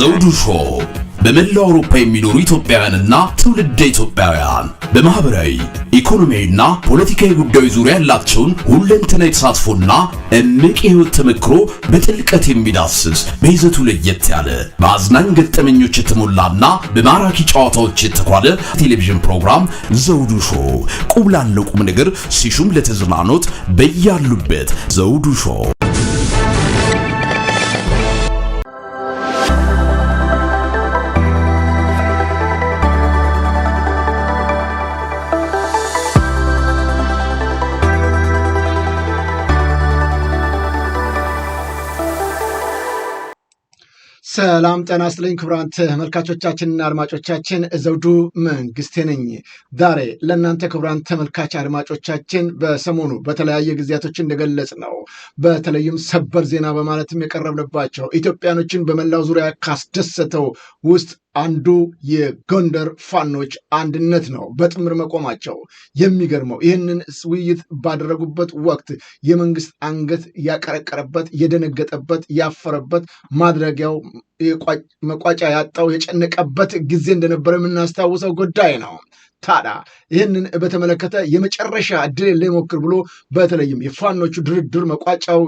ዘውዱ ሾው በመላው አውሮፓ የሚኖሩ ኢትዮጵያውያንና ትውልደ ኢትዮጵያውያን በማህበራዊ ኢኮኖሚያዊና ፖለቲካዊ ጉዳዮች ዙሪያ ያላቸውን ሁለንተና ተሳትፎና እምቅ የህይወት ተመክሮ በጥልቀት የሚዳስስ በይዘቱ ለየት ያለ በአዝናኝ ገጠመኞች የተሞላና በማራኪ ጨዋታዎች የተኳለ ቴሌቪዥን ፕሮግራም ዘውዱ ሾው ቁም ላለው ቁም ነገር ሲሹም ለተዝናኖት በያሉበት ዘውዱ ሾው ሰላም ጤና ይስጥልኝ ክቡራን ተመልካቾቻችንና አድማጮቻችን፣ ዘውዱ መንግስቴ ነኝ። ዛሬ ለእናንተ ክቡራን ተመልካች አድማጮቻችን በሰሞኑ በተለያየ ጊዜያቶች እንደገለጽ ነው በተለይም ሰበር ዜና በማለትም የቀረብንባቸው ኢትዮጵያኖችን በመላው ዙሪያ ካስደሰተው ውስጥ አንዱ የጎንደር ፋኖች አንድነት ነው። በጥምር መቆማቸው የሚገርመው ይህንን ውይይት ባደረጉበት ወቅት የመንግስት አንገት ያቀረቀረበት፣ የደነገጠበት፣ ያፈረበት ማድረጊያው መቋጫ ያጣው የጨነቀበት ጊዜ እንደነበረ የምናስታውሰው ጉዳይ ነው። ታዲያ ይህንን በተመለከተ የመጨረሻ እድል ሊሞክር ብሎ በተለይም የፋኖቹ ድርድር መቋጫው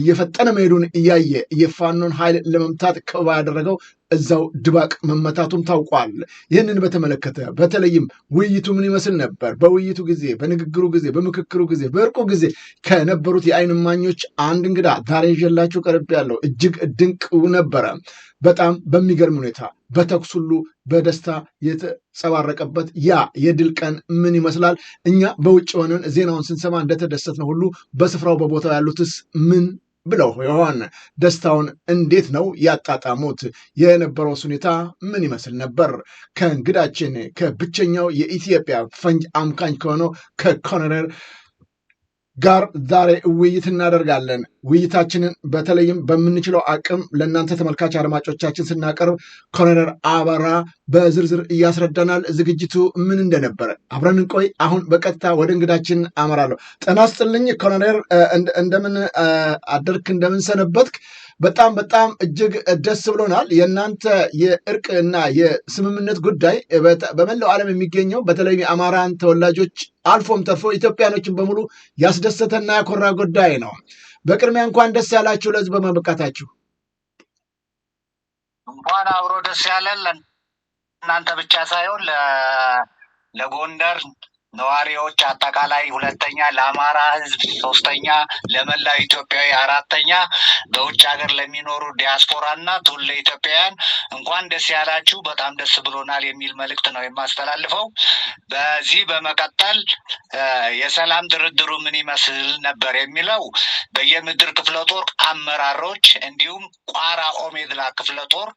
እየፈጠነ መሄዱን እያየ የፋኖን ኃይል ለመምታት ከበባ ያደረገው እዛው ድባቅ መመታቱም ታውቋል። ይህንን በተመለከተ በተለይም ውይይቱ ምን ይመስል ነበር? በውይይቱ ጊዜ፣ በንግግሩ ጊዜ፣ በምክክሩ ጊዜ፣ በእርቁ ጊዜ ከነበሩት የአይን ማኞች አንድ እንግዳ ዛሬ ይዤላችሁ ቀርብ ያለው እጅግ ድንቅ ነበረ። በጣም በሚገርም ሁኔታ በተኩስ ሁሉ በደስታ የተጸባረቀበት ያ የድል ቀን ምን ይመስላል? እኛ በውጭ ሆነን ዜናውን ስንሰማ እንደተደሰት ነው ሁሉ በስፍራው በቦታው ያሉትስ ምን ብለው ይሆን? ደስታውን እንዴት ነው ያጣጣሙት? የነበረው ሁኔታ ምን ይመስል ነበር? ከእንግዳችን ከብቸኛው የኢትዮጵያ ፈንጅ አምካኝ ከሆነው ከኮሎኔል ጋር ዛሬ ውይይት እናደርጋለን። ውይይታችንን በተለይም በምንችለው አቅም ለእናንተ ተመልካች አድማጮቻችን ስናቀርብ ኮሎኔል አበራ በዝርዝር እያስረዳናል ዝግጅቱ ምን እንደነበረ። አብረን እንቆይ። አሁን በቀጥታ ወደ እንግዳችን አመራለሁ። ጤና ይስጥልኝ ኮሎኔል፣ እንደምን አደርክ? እንደምን ሰነበትክ? በጣም በጣም እጅግ ደስ ብሎናል። የእናንተ የእርቅ እና የስምምነት ጉዳይ በመላው ዓለም የሚገኘው በተለይ የአማራን ተወላጆች አልፎም ተርፎ ኢትዮጵያኖችን በሙሉ ያስደሰተና ያኮራ ጉዳይ ነው። በቅድሚያ እንኳን ደስ ያላችሁ ለዚህ በመብቃታችሁ። እንኳን አብሮ ደስ ያለን እናንተ ብቻ ሳይሆን ለጎንደር ነዋሪዎች አጠቃላይ ሁለተኛ ለአማራ ህዝብ ሶስተኛ ለመላው ኢትዮጵያዊ አራተኛ በውጭ ሀገር ለሚኖሩ ዲያስፖራ እና ትውልደ ኢትዮጵያውያን እንኳን ደስ ያላችሁ፣ በጣም ደስ ብሎናል የሚል መልእክት ነው የማስተላልፈው። በዚህ በመቀጠል የሰላም ድርድሩ ምን ይመስል ነበር የሚለው በየምድር ክፍለ ጦር አመራሮች እንዲሁም ቋራ ኦሜድላ ክፍለ ጦር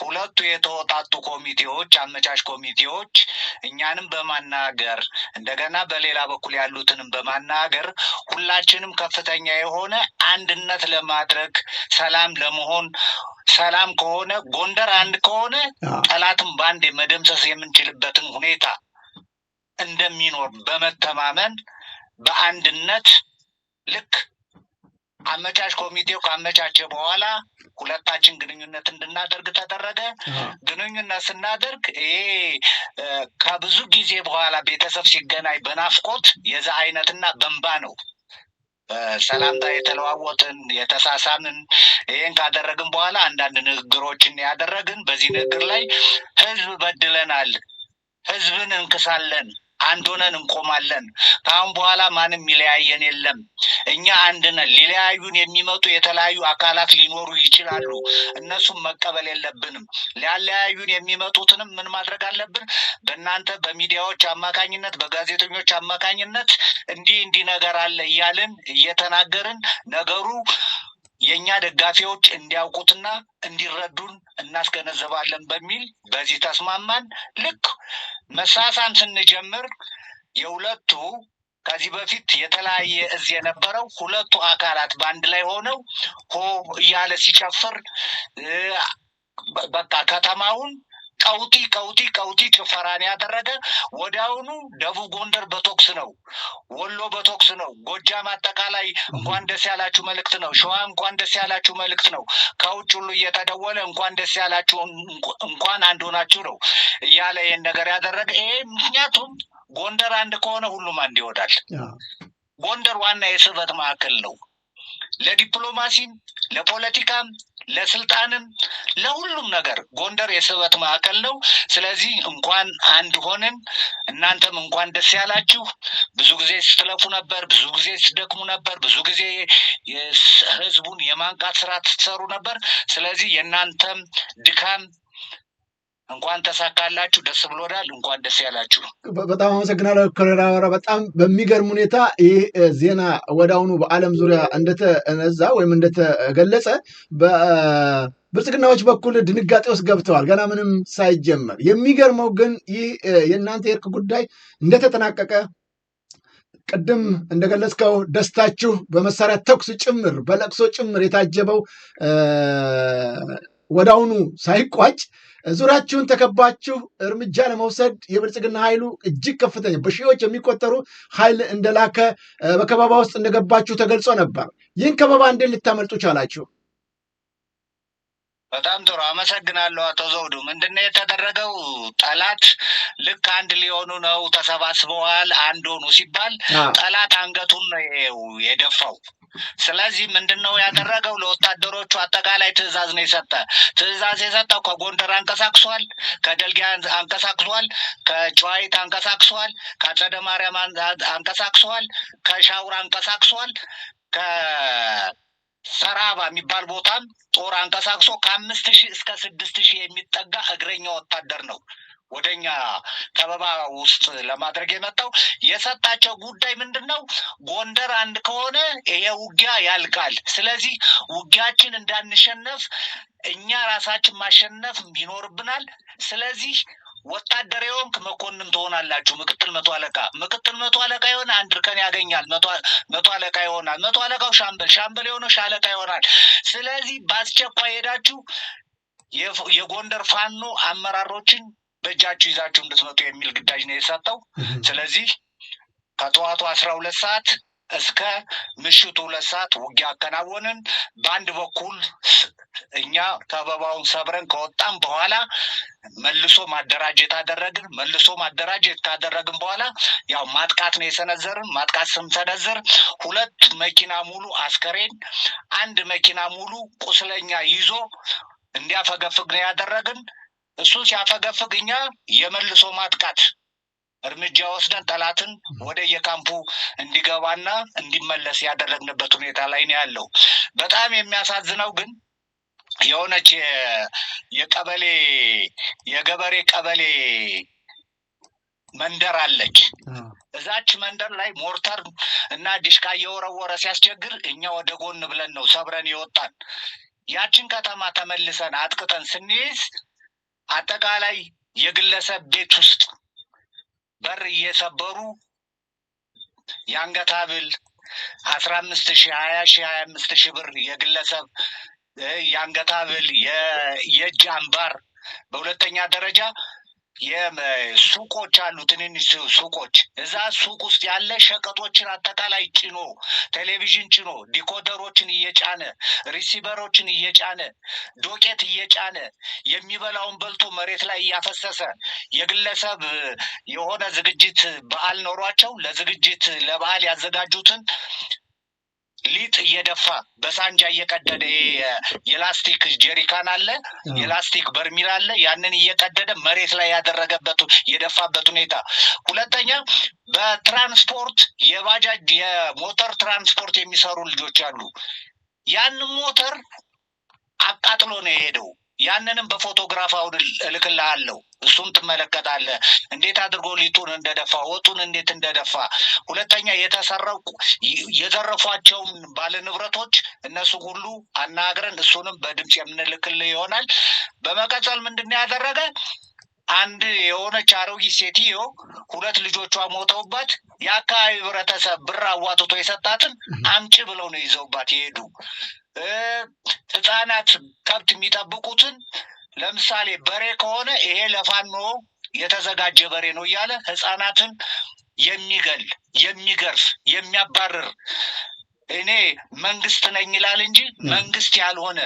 ሁለቱ የተወጣጡ ኮሚቴዎች አመቻች ኮሚቴዎች እኛንም በማናገር እንደገና በሌላ በኩል ያሉትንም በማናገር ሁላችንም ከፍተኛ የሆነ አንድነት ለማድረግ ሰላም ለመሆን ሰላም ከሆነ ጎንደር አንድ ከሆነ ጠላትም በአንድ መደምሰስ የምንችልበትን ሁኔታ እንደሚኖር በመተማመን በአንድነት ልክ አመቻች ኮሚቴው ካመቻቸ በኋላ ሁለታችን ግንኙነት እንድናደርግ ተደረገ። ግንኙነት ስናደርግ ይሄ ከብዙ ጊዜ በኋላ ቤተሰብ ሲገናኝ በናፍቆት የዛ አይነትና በንባ ነው ሰላምታ የተለዋወጥን የተሳሳምን። ይህን ካደረግን በኋላ አንዳንድ ንግግሮችን ያደረግን። በዚህ ንግግር ላይ ህዝብ በድለናል፣ ህዝብን እንክሳለን አንድ ሆነን እንቆማለን። ከአሁን በኋላ ማንም ይለያየን የለም። እኛ አንድ ነን። ሊለያዩን የሚመጡ የተለያዩ አካላት ሊኖሩ ይችላሉ። እነሱም መቀበል የለብንም። ሊያለያዩን የሚመጡትንም ምን ማድረግ አለብን? በእናንተ በሚዲያዎች አማካኝነት፣ በጋዜጠኞች አማካኝነት እንዲህ እንዲህ ነገር አለ እያልን እየተናገርን ነገሩ የእኛ ደጋፊዎች እንዲያውቁትና እንዲረዱን እናስገነዘባለን በሚል በዚህ ተስማማን። ልክ መሳሳም ስንጀምር የሁለቱ ከዚህ በፊት የተለያየ እዝ የነበረው ሁለቱ አካላት በአንድ ላይ ሆነው ሆ እያለ ሲጨፍር በቃ ከተማውን ቀውጢ ቀውጢ ቀውጢ ጭፈራን ያደረገ ወዲያውኑ ደቡብ ጎንደር በቶክስ ነው፣ ወሎ በቶክስ ነው፣ ጎጃም አጠቃላይ እንኳን ደስ ያላችሁ መልእክት ነው፣ ሸዋ እንኳን ደስ ያላችሁ መልእክት ነው። ከውጭ ሁሉ እየተደወለ እንኳን ደስ ያላችሁ እንኳን አንድ ሆናችሁ ነው እያለ ይህን ነገር ያደረገ ይሄ ምክንያቱም ጎንደር አንድ ከሆነ ሁሉም አንድ ይወዳል። ጎንደር ዋና የስበት ማዕከል ነው ለዲፕሎማሲም ለፖለቲካም ለስልጣንም ለሁሉም ነገር ጎንደር የስበት ማዕከል ነው። ስለዚህ እንኳን አንድ ሆንን፣ እናንተም እንኳን ደስ ያላችሁ። ብዙ ጊዜ ስትለፉ ነበር፣ ብዙ ጊዜ ስትደክሙ ነበር፣ ብዙ ጊዜ ህዝቡን የማንቃት ስራ ስትሰሩ ነበር። ስለዚህ የእናንተም ድካም እንኳን ተሳካላችሁ፣ ደስ ብሎናል። እንኳን ደስ ያላችሁ። በጣም አመሰግናለሁ ኮሎኔል አበራ። በጣም በሚገርም ሁኔታ ይህ ዜና ወዳውኑ በዓለም ዙሪያ እንደተነዛ ወይም እንደተገለጸ በብልጽግናዎች በኩል ድንጋጤ ውስጥ ገብተዋል፣ ገና ምንም ሳይጀመር። የሚገርመው ግን ይህ የእናንተ የእርቅ ጉዳይ እንደተጠናቀቀ ቅድም እንደገለጽከው ደስታችሁ በመሳሪያ ተኩስ ጭምር በለቅሶ ጭምር የታጀበው ወዳውኑ ሳይቋጭ ዙሪያችሁን ተከባችሁ እርምጃ ለመውሰድ የብልጽግና ኃይሉ እጅግ ከፍተኛ በሺዎች የሚቆጠሩ ኃይል እንደላከ በከበባ ውስጥ እንደገባችሁ ተገልጾ ነበር። ይህን ከበባ እንዴት ልታመልጡ ቻላችሁ? በጣም ጥሩ አመሰግናለሁ አቶ ዘውዱ። ምንድነው የተደረገው? ጠላት ልክ አንድ ሊሆኑ ነው ተሰባስበዋል፣ አንድ ሆኑ ሲባል ጠላት አንገቱን ነው የደፋው። ስለዚህ ምንድነው ያደረገው? ለወታደሮቹ አጠቃላይ ትዕዛዝ ነው የሰጠ። ትዕዛዝ የሰጠው ከጎንደር አንቀሳቅሷል፣ ከደልጊያ አንቀሳቅሷል፣ ከጨዋይት አንቀሳቅሷል፣ ከአጸደ ማርያም አንቀሳቅሷል፣ ከሻውር አንቀሳቅሷል፣ ከሰራባ የሚባል ቦታም ጦር አንቀሳቅሶ ከአምስት ሺህ እስከ ስድስት ሺህ የሚጠጋ እግረኛ ወታደር ነው ወደኛ ከበባ ውስጥ ለማድረግ የመጣው የሰጣቸው ጉዳይ ምንድን ነው? ጎንደር አንድ ከሆነ ይሄ ውጊያ ያልቃል። ስለዚህ ውጊያችን እንዳንሸነፍ እኛ ራሳችን ማሸነፍ ይኖርብናል። ስለዚህ ወታደር የሆንክ መኮንን ትሆናላችሁ። ምክትል መቶ አለቃ ምክትል መቶ አለቃ የሆነ አንድ እርከን ያገኛል። መቶ አለቃ ይሆናል። መቶ አለቃው ሻምበል፣ ሻምበል የሆነ ሻለቃ ይሆናል። ስለዚህ በአስቸኳይ ሄዳችሁ የጎንደር ፋኖ አመራሮችን በእጃችሁ ይዛችሁ እንድትመጡ የሚል ግዳጅ ነው የተሰጠው። ስለዚህ ከጠዋቱ አስራ ሁለት ሰዓት እስከ ምሽቱ ሁለት ሰዓት ውጊያ አከናወንን። በአንድ በኩል እኛ ከበባውን ሰብረን ከወጣን በኋላ መልሶ ማደራጀት አደረግን። መልሶ ማደራጀት ካደረግን በኋላ ያው ማጥቃት ነው የሰነዘርን። ማጥቃት ስንሰነዝር ሁለት መኪና ሙሉ አስከሬን፣ አንድ መኪና ሙሉ ቁስለኛ ይዞ እንዲያፈገፍግ ነው ያደረግን። እሱ ሲያፈገፍግ እኛ የመልሶ ማጥቃት እርምጃ ወስደን ጠላትን ወደ የካምፑ እንዲገባና እንዲመለስ ያደረግንበት ሁኔታ ላይ ነው ያለው። በጣም የሚያሳዝነው ግን የሆነች የቀበሌ የገበሬ ቀበሌ መንደር አለች። እዛች መንደር ላይ ሞርተር እና ዲሽቃ እየወረወረ ሲያስቸግር እኛ ወደ ጎን ብለን ነው ሰብረን የወጣን። ያችን ከተማ ተመልሰን አጥቅተን ስንይዝ አጠቃላይ የግለሰብ ቤት ውስጥ በር እየሰበሩ የአንገት ሀብል አስራ አምስት ሺ ሀያ ሺ ሀያ አምስት ሺ ብር የግለሰብ የአንገት ሐብል የእጅ አምባር፣ በሁለተኛ ደረጃ የሱቆች አሉ፣ ትንንሽ ሱቆች። እዛ ሱቅ ውስጥ ያለ ሸቀጦችን አጠቃላይ ጭኖ ቴሌቪዥን ጭኖ ዲኮደሮችን እየጫነ ሪሲቨሮችን እየጫነ ዶቄት እየጫነ የሚበላውን በልቶ መሬት ላይ እያፈሰሰ የግለሰብ የሆነ ዝግጅት በዓል ኖሯቸው ለዝግጅት ለበዓል ያዘጋጁትን ሊጥ እየደፋ በሳንጃ እየቀደደ የላስቲክ ጀሪካን አለ፣ የላስቲክ በርሚል አለ። ያንን እየቀደደ መሬት ላይ ያደረገበት የደፋበት ሁኔታ። ሁለተኛ በትራንስፖርት የባጃጅ የሞተር ትራንስፖርት የሚሰሩ ልጆች አሉ። ያን ሞተር አቃጥሎ ነው የሄደው። ያንንም በፎቶግራፍ አውድ እልክልሃለሁ። እሱን ትመለከታለህ፣ እንዴት አድርጎ ሊጡን እንደደፋ፣ ወጡን እንዴት እንደደፋ። ሁለተኛ የተሰረቁ የዘረፏቸውን ባለንብረቶች እነሱ ሁሉ አናግረን እሱንም በድምፅ የምንልክል ይሆናል። በመቀጠል ምንድን ያደረገ አንድ የሆነች አሮጊት ሴትዮ ሁለት ልጆቿ ሞተውባት የአካባቢ ህብረተሰብ ብር አዋጥቶ የሰጣትን አምጭ ብለው ነው ይዘውባት የሄዱ። ህጻናት ከብት የሚጠብቁትን ለምሳሌ በሬ ከሆነ ይሄ ለፋኖ የተዘጋጀ በሬ ነው እያለ ህጻናትን የሚገል የሚገርፍ የሚያባርር እኔ መንግስት ነኝ ይላል እንጂ መንግስት ያልሆነ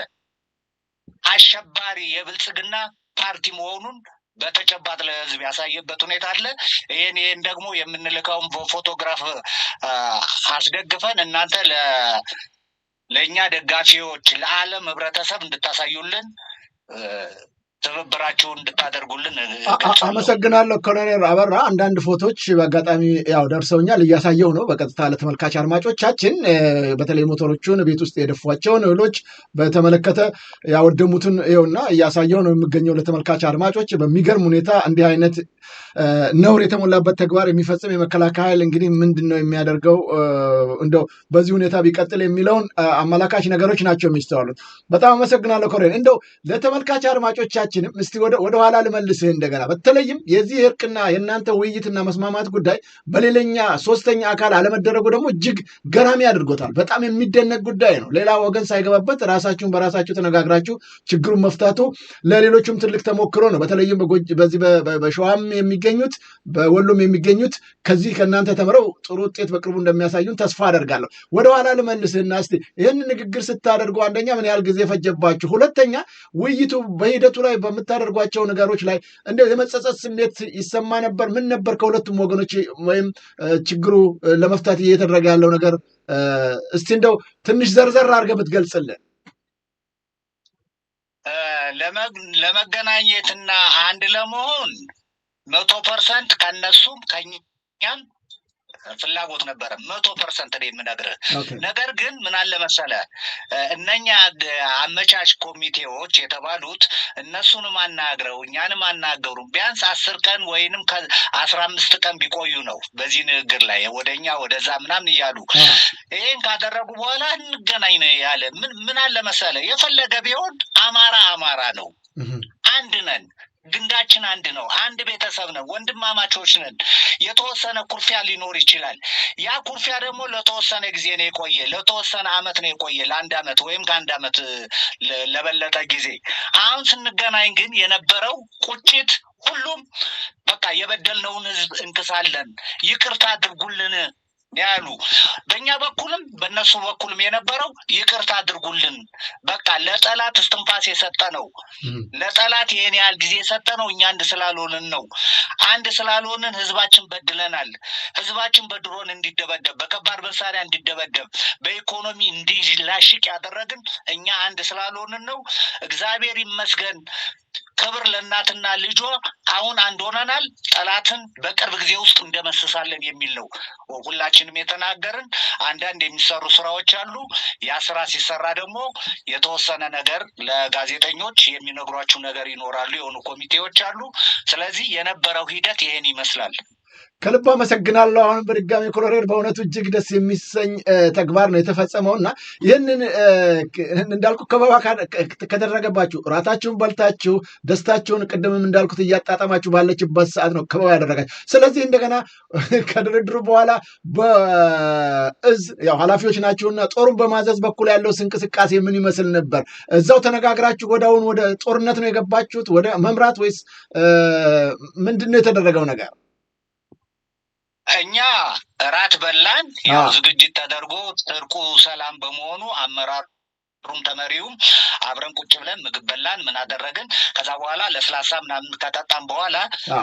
አሸባሪ የብልጽግና ፓርቲ መሆኑን በተጨባጥ ለህዝብ ያሳየበት ሁኔታ አለ። ይህን ይህን ደግሞ የምንልከውን በፎቶግራፍ አስደግፈን እናንተ ለእኛ ደጋፊዎች፣ ለዓለም ህብረተሰብ እንድታሳዩልን ትብብራችሁን እንድታደርጉልን አመሰግናለሁ። ኮሎኔል አበራ አንዳንድ ፎቶች በአጋጣሚ ያው ደርሰውኛል፣ እያሳየው ነው በቀጥታ ለተመልካች አድማጮቻችን። በተለይ ሞተሮቹን ቤት ውስጥ የደፏቸውን እህሎች በተመለከተ ያወደሙትን ይኸውና እያሳየው ነው የሚገኘው ለተመልካች አድማጮች። በሚገርም ሁኔታ እንዲህ አይነት ነውር የተሞላበት ተግባር የሚፈጽም የመከላከያ ኃይል እንግዲህ ምንድን ነው የሚያደርገው እንደው በዚህ ሁኔታ ቢቀጥል የሚለውን አመላካች ነገሮች ናቸው የሚስተዋሉት። በጣም አመሰግናለሁ ኮሬን። እንደው ለተመልካች አድማጮቻችንም እስቲ ወደኋላ ልመልስህ እንደገና በተለይም የዚህ እርቅና የእናንተ ውይይትና መስማማት ጉዳይ በሌለኛ ሶስተኛ አካል አለመደረጉ ደግሞ እጅግ ገራሚ አድርጎታል። በጣም የሚደነቅ ጉዳይ ነው። ሌላ ወገን ሳይገባበት ራሳችሁን በራሳችሁ ተነጋግራችሁ ችግሩን መፍታቱ ለሌሎቹም ትልቅ ተሞክሮ ነው። በተለይም በዚህ በሸዋም የሚገ የሚገኙት በወሎም የሚገኙት ከዚህ ከእናንተ ተምረው ጥሩ ውጤት በቅርቡ እንደሚያሳዩን ተስፋ አደርጋለሁ። ወደኋላ ልመልስና እስኪ ይህን ንግግር ስታደርጉ አንደኛ ምን ያህል ጊዜ ፈጀባችሁ? ሁለተኛ ውይይቱ በሂደቱ ላይ በምታደርጓቸው ነገሮች ላይ እንደ የመጸጸት ስሜት ይሰማ ነበር? ምን ነበር ከሁለቱም ወገኖች ወይም ችግሩ ለመፍታት እየተደረገ ያለው ነገር እስቲ እንደው ትንሽ ዘርዘር አድርገህ ብትገልጽልን። ለመገናኘትና አንድ ለመሆን መቶ ፐርሰንት ከነሱም ከኛም ፍላጎት ነበረ። መቶ ፐርሰንት ነው የምነግርህ። ነገር ግን ምን አለ መሰለ እነኛ አመቻች ኮሚቴዎች የተባሉት እነሱንም አናግረው እኛንም አናገሩም። ቢያንስ አስር ቀን ወይንም አስራ አምስት ቀን ቢቆዩ ነው በዚህ ንግግር ላይ ወደኛ ወደዛ ምናምን እያሉ ይህን ካደረጉ በኋላ እንገናኝ ነው ያለ። ምን አለ መሰለ የፈለገ ቢሆን አማራ አማራ ነው፣ አንድ ነን ግንዳችን አንድ ነው። አንድ ቤተሰብ ነው። ወንድማማቾች ነን። የተወሰነ ኩርፊያ ሊኖር ይችላል። ያ ኩርፊያ ደግሞ ለተወሰነ ጊዜ ነው የቆየ፣ ለተወሰነ አመት ነው የቆየ፣ ለአንድ አመት ወይም ከአንድ አመት ለበለጠ ጊዜ። አሁን ስንገናኝ ግን የነበረው ቁጭት ሁሉም በቃ የበደልነውን ህዝብ እንክሳለን፣ ይቅርታ አድርጉልን ያሉ በእኛ በኩልም በእነሱ በኩልም የነበረው ይቅርታ አድርጉልን፣ በቃ ለጠላት እስትንፋስ የሰጠ ነው። ለጠላት ይሄን ያህል ጊዜ የሰጠ ነው። እኛ አንድ ስላልሆንን ነው። አንድ ስላልሆንን ህዝባችን በድለናል። ህዝባችን በድሮን እንዲደበደብ፣ በከባድ መሳሪያ እንዲደበደብ፣ በኢኮኖሚ እንዲላሽቅ ያደረግን እኛ አንድ ስላልሆንን ነው። እግዚአብሔር ይመስገን ክብር ለእናትና ልጇ። አሁን አንድ ሆነናል፣ ጠላትን በቅርብ ጊዜ ውስጥ እንደመስሳለን የሚል ነው ሁላችንም የተናገርን። አንዳንድ የሚሰሩ ስራዎች አሉ። ያ ስራ ሲሰራ ደግሞ የተወሰነ ነገር ለጋዜጠኞች የሚነግሯቸው ነገር ይኖራሉ፣ የሆኑ ኮሚቴዎች አሉ። ስለዚህ የነበረው ሂደት ይሄን ይመስላል። ከልብ አመሰግናለሁ። አሁንም በድጋሚ ኮሎኔል በእውነቱ እጅግ ደስ የሚሰኝ ተግባር ነው የተፈጸመው እና ይህንን እንዳልኩ ከበባ ከተደረገባችሁ ራታችሁን በልታችሁ ደስታችሁን ቅድምም እንዳልኩት እያጣጣማችሁ ባለችበት ሰዓት ነው ከበባ ያደረጋችሁ። ስለዚህ እንደገና ከድርድሩ በኋላ በእዝ ያው ኃላፊዎች ናችሁና ጦሩን በማዘዝ በኩል ያለው እንቅስቃሴ ምን ይመስል ነበር? እዛው ተነጋግራችሁ ወዳውን ወደ ጦርነት ነው የገባችሁት ወደ መምራት ወይስ ምንድን ነው የተደረገው ነገር? እኛ እራት በላን። ያው ዝግጅት ተደርጎ እርቁ ሰላም በመሆኑ አመራር ሩም ተመሪውም አብረን ቁጭ ብለን ምግብ በላን። ምን አደረግን? ከዛ በኋላ ለስላሳ ምናምን ከጠጣም በኋላ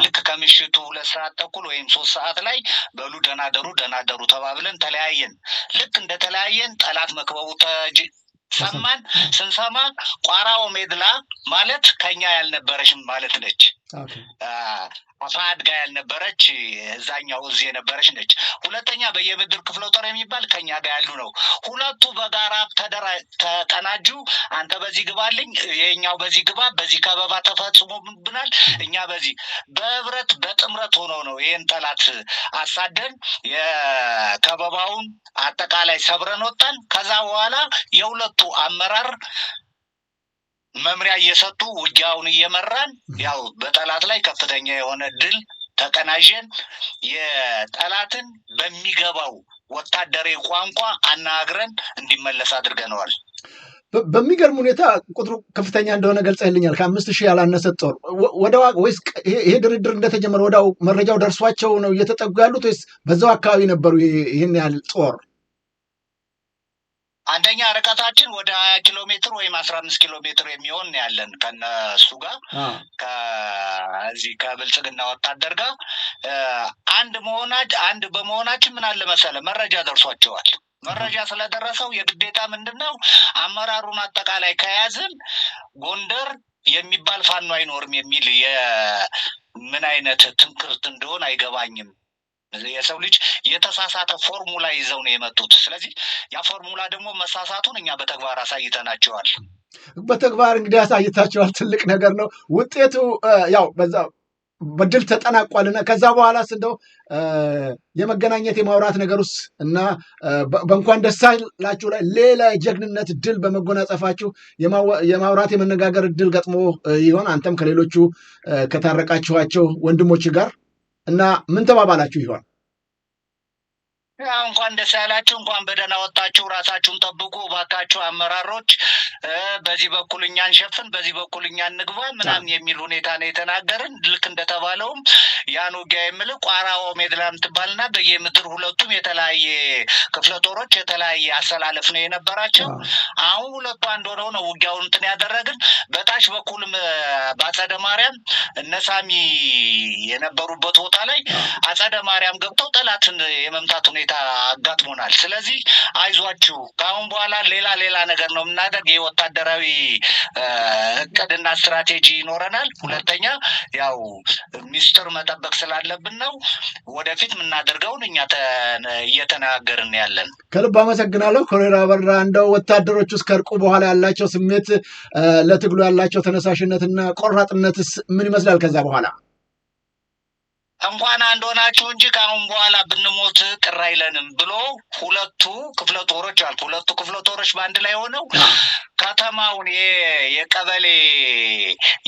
ልክ ከምሽቱ ሁለት ሰዓት ተኩል ወይም ሶስት ሰዓት ላይ በሉ ደናደሩ ደናደሩ ተባብለን ተለያየን። ልክ እንደተለያየን ጠላት መክበቡ ተጅ ሰማን። ስንሰማ ቋራው ሜድላ ማለት ከኛ ያልነበረሽም ማለት ነች። አስራ አንድ ያልነበረች እዛኛው እዚህ የነበረች ነች። ሁለተኛ በየምድር ክፍለ ጦር የሚባል ከኛ ጋ ያሉ ነው። ሁለቱ በጋራ ተቀናጁ። አንተ በዚህ ግባልኝ፣ የኛው በዚህ ግባ፣ በዚህ ከበባ ተፈጽሞብናል፣ እኛ በዚህ በህብረት በጥምረት ሆኖ ነው ይህን ጠላት አሳደን የከበባውን አጠቃላይ ሰብረን ወጣን። ከዛ በኋላ የሁለቱ አመራር መምሪያ እየሰጡ ውጊያውን እየመራን ያው በጠላት ላይ ከፍተኛ የሆነ ድል ተቀናዥን የጠላትን በሚገባው ወታደራዊ ቋንቋ አናግረን እንዲመለስ አድርገነዋል። በሚገርም ሁኔታ ቁጥሩ ከፍተኛ እንደሆነ ገልጸህልኛል። ከአምስት ሺህ ያላነሰ ጦር ወደዋ ወይስ ይሄ ድርድር እንደተጀመረ ወዳው መረጃው ደርሷቸው ነው እየተጠጉ ያሉት ወይስ በዛው አካባቢ ነበሩ? ይህን ያህል ጦር አንደኛ ርቀታችን ወደ ሀያ ኪሎ ሜትር ወይም አስራ አምስት ኪሎ ሜትር የሚሆን ያለን ከነሱ ጋር ከዚህ ከብልጽግና ወታደር ጋር አንድ መሆና አንድ በመሆናችን ምን አለ መሰለ መረጃ ደርሷቸዋል። መረጃ ስለደረሰው የግዴታ ምንድን ነው አመራሩን አጠቃላይ ከያዝን ጎንደር የሚባል ፋኖ አይኖርም የሚል ምን አይነት ትንክርት እንደሆን አይገባኝም። የሰው ልጅ የተሳሳተ ፎርሙላ ይዘው ነው የመጡት። ስለዚህ ያ ፎርሙላ ደግሞ መሳሳቱን እኛ በተግባር አሳይተናቸዋል። በተግባር እንግዲህ አሳይታቸዋል። ትልቅ ነገር ነው ውጤቱ። ያው በዛ በድል ተጠናቋልና ከዛ በኋላ ስንደው የመገናኘት የማውራት ነገር ውስጥ እና በእንኳን ደሳላችሁ ላይ ሌላ የጀግንነት ድል በመጎናጸፋችሁ የማውራት የመነጋገር እድል ገጥሞ ይሆን? አንተም ከሌሎቹ ከታረቃችኋቸው ወንድሞች ጋር እና ምን ተባባላችሁ ይሆን? እንኳን ደስ ያላችሁ፣ እንኳን በደህና ወጣችሁ። ራሳችሁን ጠብቁ እባካችሁ አመራሮች። በዚህ በኩል እኛ እንሸፍን፣ በዚህ በኩል እኛ እንግባ ምናምን የሚል ሁኔታ ነው የተናገርን። ልክ እንደተባለውም ያን ውጊያ የምል ቋራ ኦሜድላ የምትባልና በየምትር ሁለቱም የተለያየ ክፍለ ጦሮች የተለያየ አሰላለፍ ነው የነበራቸው። አሁን ሁለቱ አንድ ሆነው ነው ውጊያውን እንትን ያደረግን። በታች በኩልም በአጸደ ማርያም እነሳሚ የነበሩበት ቦታ ላይ አጸደ ማርያም ገብተው ጠላትን የመምታት ሁኔታ ሁኔታ አጋጥሞናል። ስለዚህ አይዟችሁ፣ ከአሁን በኋላ ሌላ ሌላ ነገር ነው የምናደርግ። የወታደራዊ እቅድና ስትራቴጂ ይኖረናል። ሁለተኛ ያው ሚስጥር መጠበቅ ስላለብን ነው። ወደፊት የምናደርገውን እኛ እየተነጋገርን ያለን። ከልብ አመሰግናለሁ ኮሎኔል አበራ። እንደው ወታደሮች ውስጥ ከርቁ በኋላ ያላቸው ስሜት፣ ለትግሉ ያላቸው ተነሳሽነትና ቆራጥነትስ ምን ይመስላል ከዛ በኋላ? እንኳን አንድ ሆናችሁ እንጂ ከአሁን በኋላ ብንሞት ቅር አይለንም ብሎ ሁለቱ ክፍለ ጦሮች አልኩ። ሁለቱ ክፍለ ጦሮች በአንድ ላይ ሆነው ከተማውን የቀበሌ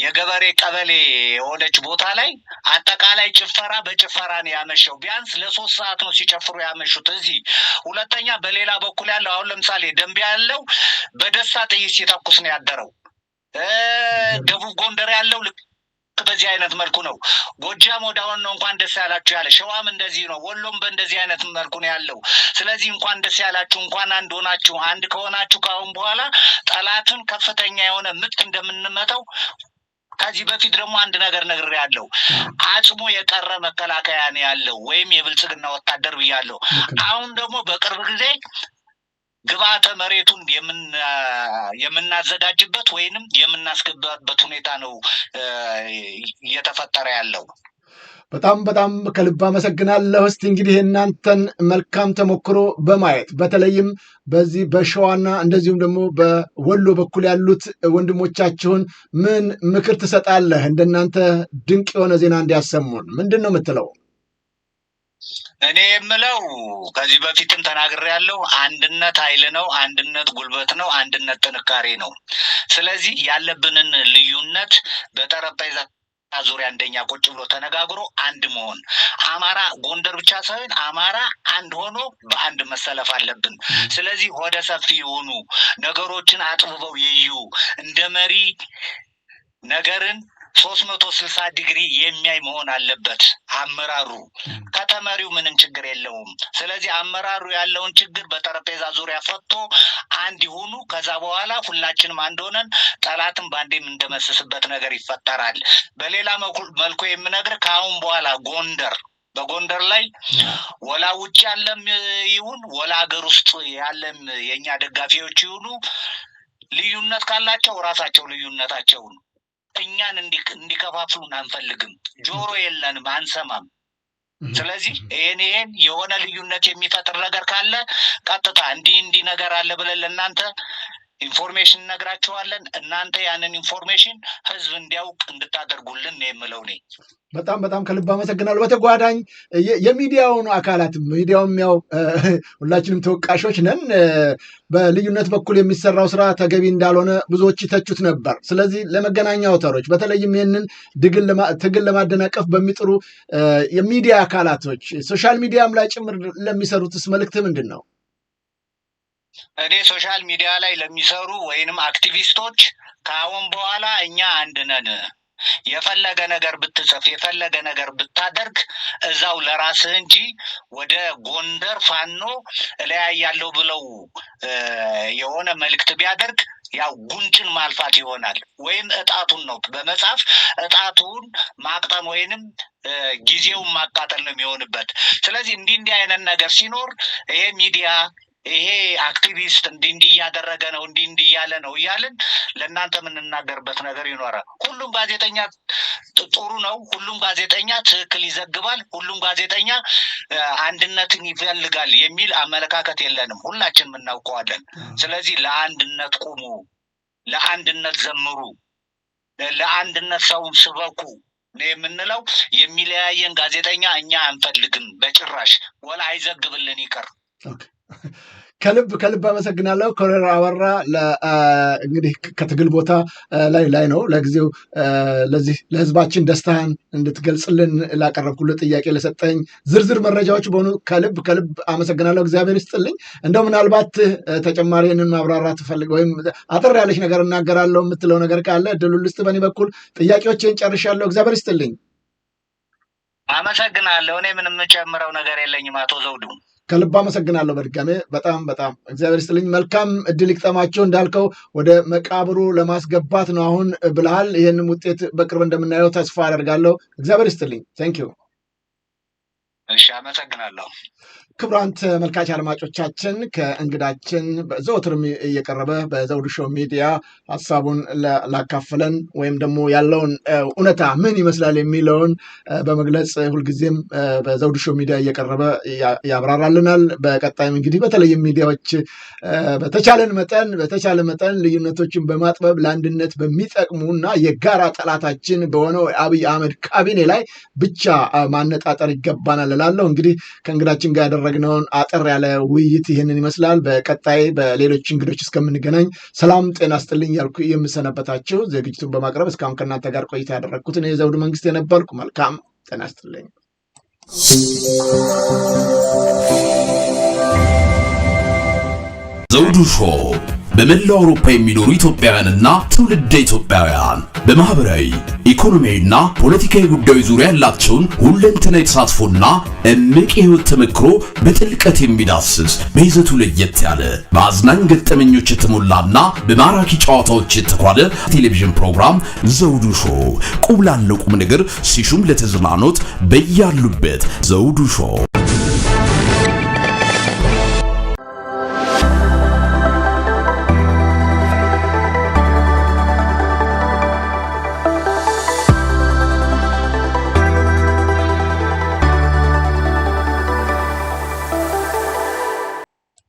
የገበሬ ቀበሌ የሆነች ቦታ ላይ አጠቃላይ ጭፈራ በጭፈራ ነው ያመሸው። ቢያንስ ለሶስት ሰዓት ነው ሲጨፍሩ ያመሹት። እዚህ ሁለተኛ፣ በሌላ በኩል ያለው አሁን ለምሳሌ ደንቢያ ያለው በደስታ ጥይት ሲተኩስ ነው ያደረው። ደቡብ ጎንደር ያለው በዚህ አይነት መልኩ ነው። ጎጃም ወደ አሁን ነው እንኳን ደስ ያላችሁ ያለ፣ ሸዋም እንደዚህ ነው፣ ወሎም በእንደዚህ አይነት መልኩ ነው ያለው። ስለዚህ እንኳን ደስ ያላችሁ፣ እንኳን አንድ ሆናችሁ። አንድ ከሆናችሁ ከአሁን በኋላ ጠላትን ከፍተኛ የሆነ ምት እንደምንመተው ከዚህ በፊት ደግሞ አንድ ነገር ነግሬያለሁ። አጽሙ የቀረ መከላከያ ነው ያለው ወይም የብልጽግና ወታደር ብያለሁ። አሁን ደግሞ በቅርብ ጊዜ ግብአተ መሬቱን የምናዘጋጅበት ወይንም የምናስገባበት ሁኔታ ነው እየተፈጠረ ያለው። በጣም በጣም ከልብ አመሰግናለሁ። እስቲ እንግዲህ የእናንተን መልካም ተሞክሮ በማየት በተለይም በዚህ በሸዋና እንደዚሁም ደግሞ በወሎ በኩል ያሉት ወንድሞቻችሁን ምን ምክር ትሰጣለህ? እንደናንተ ድንቅ የሆነ ዜና እንዲያሰሙን ምንድን ነው የምትለው? እኔ የምለው ከዚህ በፊትም ተናግሬ ያለው አንድነት ኃይል ነው፣ አንድነት ጉልበት ነው፣ አንድነት ጥንካሬ ነው። ስለዚህ ያለብንን ልዩነት በጠረጴዛ ዙሪያ አንደኛ ቁጭ ብሎ ተነጋግሮ አንድ መሆን አማራ ጎንደር ብቻ ሳይሆን አማራ አንድ ሆኖ በአንድ መሰለፍ አለብን። ስለዚህ ወደ ሰፊ የሆኑ ነገሮችን አጥብበው የዩ እንደ መሪ ነገርን ሶስት መቶ ስልሳ ዲግሪ የሚያይ መሆን አለበት አመራሩ። ከተመሪው ምንም ችግር የለውም። ስለዚህ አመራሩ ያለውን ችግር በጠረጴዛ ዙሪያ ፈቶ አንድ ይሁኑ። ከዛ በኋላ ሁላችንም አንድ ሆነን ጠላትን በአንዴ የምንደመስስበት ነገር ይፈጠራል። በሌላ መልኩ የምነግር ከአሁን በኋላ ጎንደር በጎንደር ላይ ወላ ውጭ ያለም ይሁን ወላ ሀገር ውስጥ ያለም የእኛ ደጋፊዎች ይሁኑ ልዩነት ካላቸው ራሳቸው ልዩነታቸውን እኛን እንዲከፋፍሉን አንፈልግም። ጆሮ የለንም፣ አንሰማም። ስለዚህ ይህን የሆነ ልዩነት የሚፈጥር ነገር ካለ ቀጥታ እንዲህ እንዲህ ነገር አለ ብለን ለእናንተ ኢንፎርሜሽን እነግራቸዋለን። እናንተ ያንን ኢንፎርሜሽን ህዝብ እንዲያውቅ እንድታደርጉልን የምለው ነኝ። በጣም በጣም ከልብ አመሰግናለሁ። በተጓዳኝ የሚዲያውኑ አካላት ሚዲያውም ያው ሁላችንም ተወቃሾች ነን። በልዩነት በኩል የሚሰራው ስራ ተገቢ እንዳልሆነ ብዙዎች ይተቹት ነበር። ስለዚህ ለመገናኛ አውታሮች በተለይም ይህንን ትግል ለማደናቀፍ በሚጥሩ የሚዲያ አካላቶች፣ ሶሻል ሚዲያም ላይ ጭምር ለሚሰሩትስ መልእክት ምንድን ነው? እኔ ሶሻል ሚዲያ ላይ ለሚሰሩ ወይንም አክቲቪስቶች ከአሁን በኋላ እኛ አንድ ነን። የፈለገ ነገር ብትጽፍ የፈለገ ነገር ብታደርግ እዛው ለራስህ እንጂ ወደ ጎንደር ፋኖ እለያያለሁ ብለው የሆነ መልእክት ቢያደርግ ያው ጉንጭን ማልፋት ይሆናል። ወይም እጣቱን ነው በመጽሐፍ እጣቱን ማቅጠም ወይንም ጊዜውን ማቃጠል ነው የሚሆንበት። ስለዚህ እንዲህ እንዲህ አይነት ነገር ሲኖር ይሄ ሚዲያ ይሄ አክቲቪስት እንዲህ እንዲህ እያደረገ ነው እንዲህ እንዲህ እያለ ነው እያልን ለእናንተ የምንናገርበት ነገር ይኖራል። ሁሉም ጋዜጠኛ ጥሩ ነው። ሁሉም ጋዜጠኛ ትክክል ይዘግባል። ሁሉም ጋዜጠኛ አንድነትን ይፈልጋል የሚል አመለካከት የለንም። ሁላችንም እናውቀዋለን። ስለዚህ ለአንድነት ቁሙ፣ ለአንድነት ዘምሩ፣ ለአንድነት ሰውን ስበኩ የምንለው። የሚለያየን ጋዜጠኛ እኛ አንፈልግም በጭራሽ፣ ወላ አይዘግብልን ይቀር። ከልብ ከልብ አመሰግናለሁ ኮሎኔል አበራ። እንግዲህ ከትግል ቦታ ላይ ላይ ነው ለጊዜው ለዚህ ለህዝባችን ደስታህን እንድትገልጽልን ላቀረብኩልህ ጥያቄ ለሰጠኝ ዝርዝር መረጃዎች በሆኑ ከልብ ከልብ አመሰግናለሁ። እግዚአብሔር ይስጥልኝ። እንደው ምናልባት ተጨማሪ ይህንን ማብራራ ትፈልግ ወይም አጠር ያለች ነገር እናገራለሁ የምትለው ነገር ካለ ድሉ ልስጥ። በእኔ በኩል ጥያቄዎችን ጨርሻለሁ። እግዚአብሔር ይስጥልኝ። አመሰግናለሁ። እኔ ምንም የምጨምረው ነገር የለኝም አቶ ዘውዱ። ከልብ አመሰግናለሁ። በድጋሜ በጣም በጣም እግዚአብሔር ይስጥልኝ። መልካም እድል ይቅጠማቸው። እንዳልከው ወደ መቃብሩ ለማስገባት ነው አሁን ብልሃል። ይህንም ውጤት በቅርብ እንደምናየው ተስፋ አደርጋለሁ። እግዚአብሔር ይስጥልኝ። ቴንክ ዩ። እሺ፣ አመሰግናለሁ። ክቡራን ተመልካች አድማጮቻችን ከእንግዳችን ዘወትርም እየቀረበ በዘውዱ ሾው ሚዲያ ሀሳቡን ላካፍለን ወይም ደግሞ ያለውን እውነታ ምን ይመስላል የሚለውን በመግለጽ ሁልጊዜም በዘውዱ ሾው ሚዲያ እየቀረበ ያብራራልናል። በቀጣይም እንግዲህ በተለይም ሚዲያዎች በተቻለን መጠን በተቻለ መጠን ልዩነቶችን በማጥበብ ለአንድነት በሚጠቅሙ እና የጋራ ጠላታችን በሆነው አብይ አህመድ ካቢኔ ላይ ብቻ ማነጣጠር ይገባናል እላለሁ። እንግዲህ ከእንግዳችን ጋር ያደረግነውን አጠር ያለ ውይይት ይህንን ይመስላል። በቀጣይ በሌሎች እንግዶች እስከምንገናኝ ሰላም ጤና ስጥልኝ ያልኩ የምሰነበታቸው ዝግጅቱን በማቅረብ እስካሁን ከእናንተ ጋር ቆይታ ያደረግኩት እኔ ዘውዱ መንግስት የነበርኩ መልካም ጤና ስጥልኝ። ዘውዱ ሾው በመላው አውሮፓ የሚኖሩ ኢትዮጵያውያንና ትውልደ ኢትዮጵያውያን በማህበራዊ ኢኮኖሚያዊና ፖለቲካዊ ጉዳዮች ዙሪያ ያላቸውን ሁለንተና ተሳትፎና እምቅ የህይወት ተመክሮ በጥልቀት የሚዳስስ በይዘቱ ለየት ያለ በአዝናኝ ገጠመኞች የተሞላና በማራኪ ጨዋታዎች የተኳለ ቴሌቪዥን ፕሮግራም ዘውዱ ሾው ቁም ላለው ቁም ነገር ሲሹም ለተዝናኖት በያሉበት ዘውዱ ሾው